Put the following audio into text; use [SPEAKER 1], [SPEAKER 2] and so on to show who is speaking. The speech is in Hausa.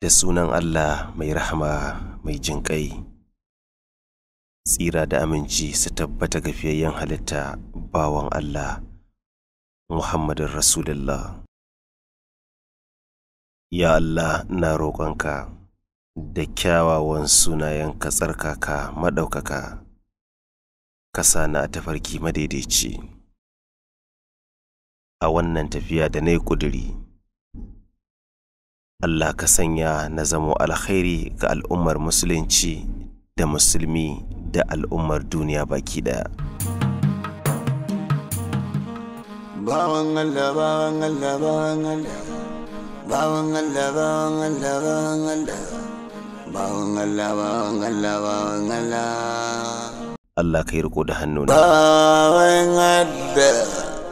[SPEAKER 1] da sunan Allah mai rahama mai jin ƙai. Tsira da aminci su tabbata ga fiyayyen halitta bawan Allah, Muhammadin Rasulullah. Ya Allah na roƙonka da kyawawan sunayen tsarkaka maɗaukaka, ka na
[SPEAKER 2] a tafarki madaidaici. A wannan tafiya da na yi ƙuduri. Allah ka sanya na zamo alkhairi ga al'ummar musulunci da musulmi da al'ummar duniya baki daya.
[SPEAKER 3] Bawan Allah, bawan Allah, bawan Allah, bawan Allah, bawan Allah, bawan Allah,
[SPEAKER 2] Allah, ka yi riko da hannu Bawan Allah.